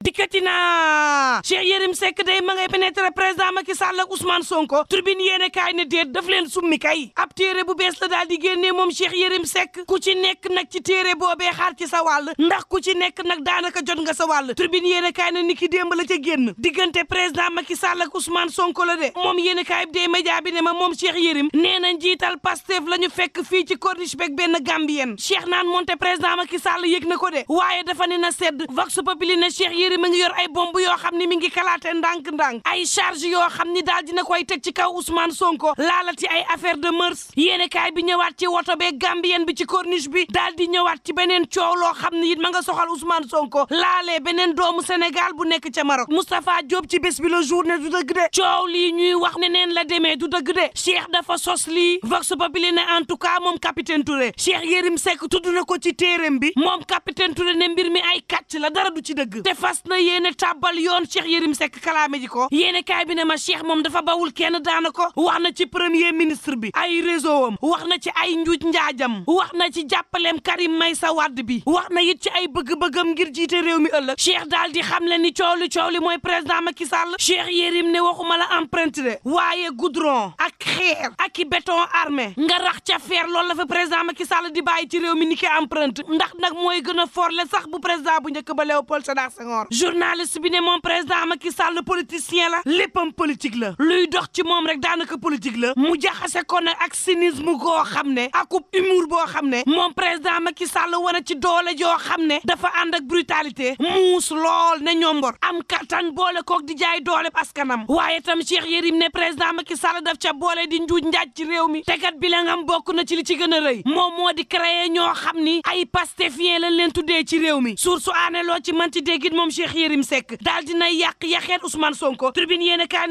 dikkati naa Cheikh Yérim Seck day ma ngay pénétrer président Macky Sall ak Ousmane Sonko tribune yéene kaay ne déet daf leen summi kay ab téere bu bees la daal di génnee moom Cheikh Yérim sekk ku ci nekk nag ci téere boobee xaar ci sa wàll ndax ku ci nekk nag daanaka jot nga sa wàll tribune yéene kaay ne ni ki démb la ca génn diggante président Macky Sall ak Ousmane Sonko la de moom yéene kaay bi day média bi ne ma moom Cheikh Yérim nee na njiital Pastef la ñu fekk fii ci corniche beeg benn Gambien Cheikh naan moonte président Macky Sall yëg na ko waaye dafa ne na sedd vox populi ne Cheikh Walfadjri mi ngi yor ay bomb yoo xam ni mi ngi kalaate ndànk-ndànk ay charge yoo xam ni daal dina koy teg ci kaw Ousmane Sonko laalati ay affaire de mœurs yéene kaay ñëwaat ci woto bee Gambien bi ci corniche bi daal di ñëwaat ci beneen coow loo xam ni it ma nga soxal Ousmane Sonko laalee beneen doomu Sénégal bu nekk ca Maroc Moustapha Diop ci bés bi la journée du dëgg de coow lii ñuy wax ne neen la demee du dëgg de Cheikh dafa sos lii Vox Populi ne en tout cas moom capitaine Touré Cheikh Yérim Seck tudd na ko ci téeréem bi moom capitaine Touré ne mbir mi ay kàcc la dara du ci dëgg te fas na yéene tàbbal yoon Cheikh Yérim Seck kalaame ji ko yéene kaay bi ne ma Cheikh moom dafa bawul kenn daanako wax na ci premier ministre bi ay réseau wax na ci ay njuuj njaajam wax na ci jàppaleem Karim Meïssa Wade bi wax na it ci ay bëgg-bëggam ngir jiite réew mi ëllëg Cheikh daal di xam le ni coow li coow li mooy président Macky Sall Cheikh Yérim ne waxuma la empreinte de waaye goudron ak xeer ak i béton armé nga rax ca feer lool la fa ma ki Sall di bàyyi ci réew mi ni ki empreinte ndax nag mooy gën a forle sax bu président bu njëkk ba Léopold Sédar Senghor journaliste bi ne moom président Macky Sall politicien la léppam politique la luy dox ci moom rek daanaka politique la mu jaxase ko nag ak sinism goo xam ne akub humour boo xam ne moom président Macky Sall wane ci doole joo xam ne dafa ànd ak brutalité muus lool ne ñombor am kattan boole kook di jaay doole askanam waaye tam Cheikh Yérim ne président Macky Sall daf ca boole di njuuj njaaj ci réew mi tekat bi la am bokk na ci li ci gën a rëy moom moo di créer ñoo xam ni ay pastefien lañ leen tuddee ci réew mi source aaneloo ci man ci moom Cheikh Yérim Seck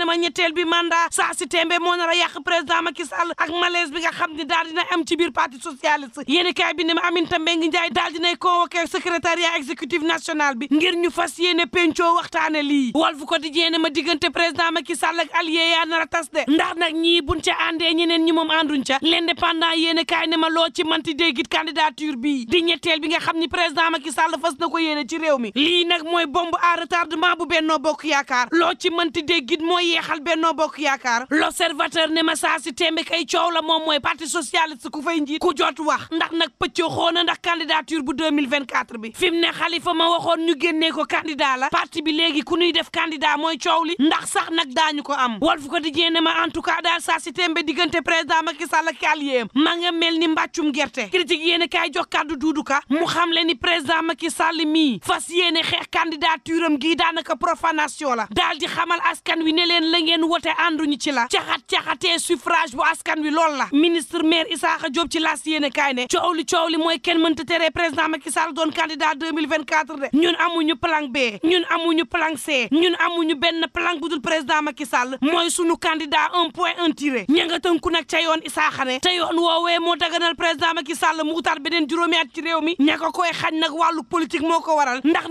ma ñetteel bi mandat saa si tembe moo nar a yàq président Macky Sall ak malaise bi nga xam ne daal dina am ci biir parti socialiste yéen ma Aminata Mbengue Ndiaye daal dinay convoqué secrétariat ngir ñu fas yéene pencoo waxtaane lii Walf Quotidien ma diggante président Macky Sall ak allié yaa nar a tas nag ñii buñ ca àndee ñeneen ñi moom ànduñ ca l'indépendant yéen kaay ma loo ci manti déggit candidature bi di ñetteel bi nga xam ne président Macky Sall fas na ko yéene ci réew mi lii nag mooy bombe à retardement bu bennoo bokk yaakaar loo ci mënti déggit mooy yeexal bennoo bokk yaakaar l'observateur ne ma saa si tembe kay coow la moom mooy parti socialiste ku fay njiit ku jot wax ndax nag pëccoo xoona ndax candidature bu 2024 bi fi mu ne xalifa ma waxoon ñu génnee ko candidat la parti bi léegi ku ñuy def candidat mooy coow li ndax sax nag daañu ko am Walf Quotidien ne ma en tout cas daal saa si tembe diggante président Macky Sall ak alliéem ma nga mel ni mbàccum gerte critique yéen a kaay jox kàddu duuduka mu xam le ni président Macky Sall mii fas yéene xeex candidat candidature am gii daanaka profanation la daal di xamal askan wi ne leen la ngeen wote ànduñu ci la caxat-caxatee suffrage bu askan wi lool la ministre maire Isaaxa Diop ci la yéene kaay ne coow li coow li mooy kenn mënta tere président Macky Sall doon candidat 2024 de ñun amuñu plan B ñun amuñu plan C ñun amuñu benn plan bu dul président Macky Sall mooy sunu candidat un point un tiré ña nga tënku nag ca yoon Isaaxa ne te yoon woowee moo daganal président Macky Sall mu utaat beneen juróomi at réew mi ña ko wàllu politique moo ko waral ndax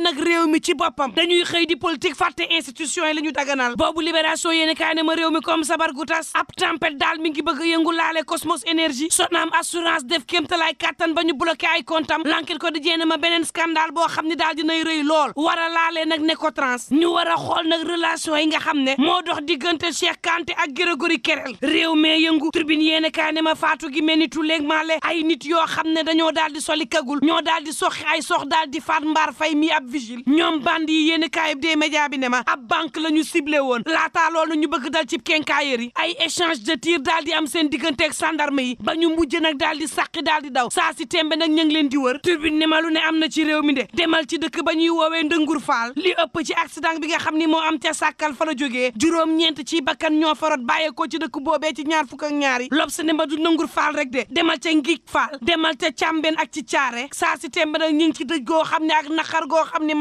boppam dañuy xëy di politique fàtte institution yi la ñu daganal boobu libération yéeni kaay ne ma réew mi comme sabar gu tas ab tempête daal mi ngi bëgg a yëngu laale Cosmos énergie Sonam assurance def kéemtalaay kàttan ba ñu bloqué ay comptam l'enquête ko di ma beneen scandale boo xam ne daal dinay rëy lool war a laalee nag Necotrans ñu war a xool nag relation yi nga xam ne moo dox diggante Cheikh Kanté ak Grégory Kerel réew mee yëngu tribune yéeni kaay ne ma faatu gi mel ni tuleeg maale ay nit yoo xam ne dañoo daal di soli ñoo daal di soxi ay sox daal di faat fay mi ab vigile ñoom bandi yi yéen i kaayib dee média bi ne ma ab banque la ñu ciblé woon laataa loolu ñu bëgg dal ci kenkaayër yi ay échange de tir am seen digganteeg gendarme yi ba ñu mujj nag daal di sàqi daal di daw saa si tembe nag ñu ngi leen di wër turbine ne ma lu ne am na ci réew mi de demal ci dëkk ba ñuy ndëngur faal li ëpp ci accident bi nga xam ni moo am ca sàkkal fa la jógee juróom-ñeent ci bakkan ñoo farot bàyyeekoo ci dëkk boobee ci ñaar fukk ak ñaar yi lob sa ne ma du de demal ca ci caare saa si tembe ñu ngi ci dëj goo xam ne ak naqar goo xam ne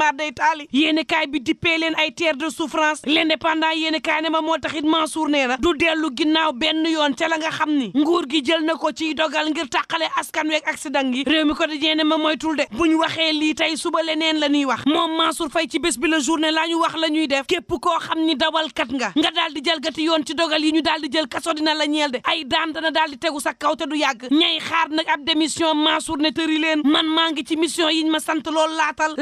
Mali yéen kaay bi dippee leen ay terre de souffrance l'indépendant yéene kaay ne ma moo taxit Mansour nee na du dellu ginnaaw benn yoon ca la nga xam ni nguur gi jël na ko ciy dogal ngir tàqale askan weeg accident gi réew mi ko di ne ma moytul de bu ñu waxee lii tey suba leneen la ñuy wax moom Mansour fay ci bés bi la journée laa ñu wax la ñuy def képp koo xam ni dawalkat nga nga daal di jalgati yoon ci dogal yi ñu daal di jël kaso dina la ñeel de ay daan dana daal di tegu sa kaw te du yàgg ñay xaar nag ab démission Mansour ne tëri leen man maa ngi ci mission yiñ ma sant loolu laatal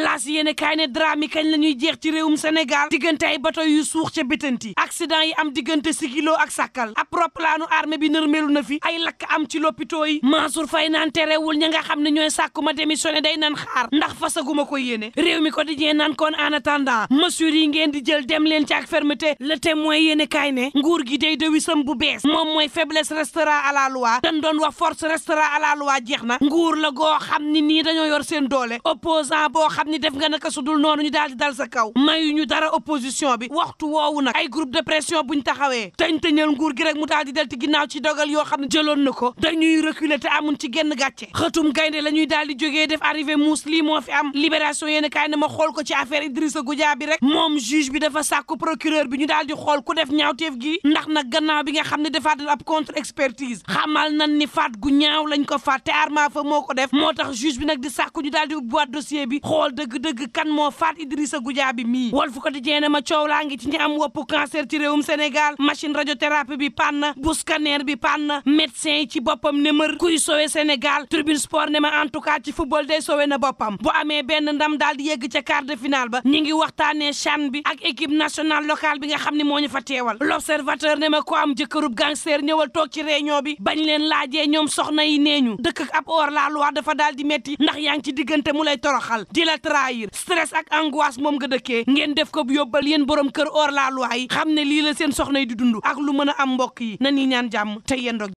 ni kañ la ñuy jeex ci réewum Sénégal diggante ay bato yu suux ca bitanti accident yi am diggante Sikilo ak Sàkkal ab roplaanu armée bi nërmeelu na fi ay lakk am ci lopito yi Mansour Faye naan terewul ña nga xam ne ñooy sàkku ma démissionné day nan xaar ndax fasaguma ko yéene réew mi quotidien naan kon en attendant yi ngeen di jël dem leen ci ak fermeté le témoin yéene kaay ne nguur gi day dewisam bu bees moom mooy faiblesse restera à la loi dañ doon wax force restera à la loi jeex na nguur la goo xam ni nii dañoo yor seen doole daal di dal sa kaw mayuñu dara opposition bi waxtu woowu nag ay groupe de pression buñ taxawee teñ nguur gi rek mu daal di del ci ginnaaw ci dogal yoo xam ne jëloon na ko dañuy reculer te amun ci genn gàcce xëtum gaynde la ñuy di jógee def arrivé muus fi am libération yéen kaay na ma xool ko ci affaire Idrissa Goudia bi rek moom juge bi dafa sàkku procureur bi ñu daal di xool ku def ñaawteef gi ndax nag gannaaw bi nga xam ne defaat ab contre expertise xamal nan ni faat gu ñaaw lañ ko faat te moo ko def bi nag di sàkku ñu daal Idrissa Goudiaby mii Walf Quotidien ne ma coow laa ngi ci ñi am wopp cancer ci réewum Sénégal machine radiothérapie bi pan na bu bi pan na yi ci boppam ne mër kuy sowe Sénégal tribune sport ne ma en tout cas ci football day sowe na boppam bu amee benn ndam daal di yegg ca quart de finale ba ñi ngi waxtaanee CHAN bi ak équipe nationale locale bi nga xam ne moo ñu fa teewal l'observateur ne ma ko am jëkkërub gangster ñëwal toog ci réunion bi bañ leen laajee ñoom soxna yi nee ñu dëkk ak ab dafa daal di metti ndax yaa ngi ci diggante mu lay toroxal di la trahir angoisse moom nga dëkkee ngeen def ko yóbbal yéen borom kër hors la loi yi xam ne lii la seen soxna di dund ak lu mën a am mbokk yi na ñuy ñaan jàmm te yendoo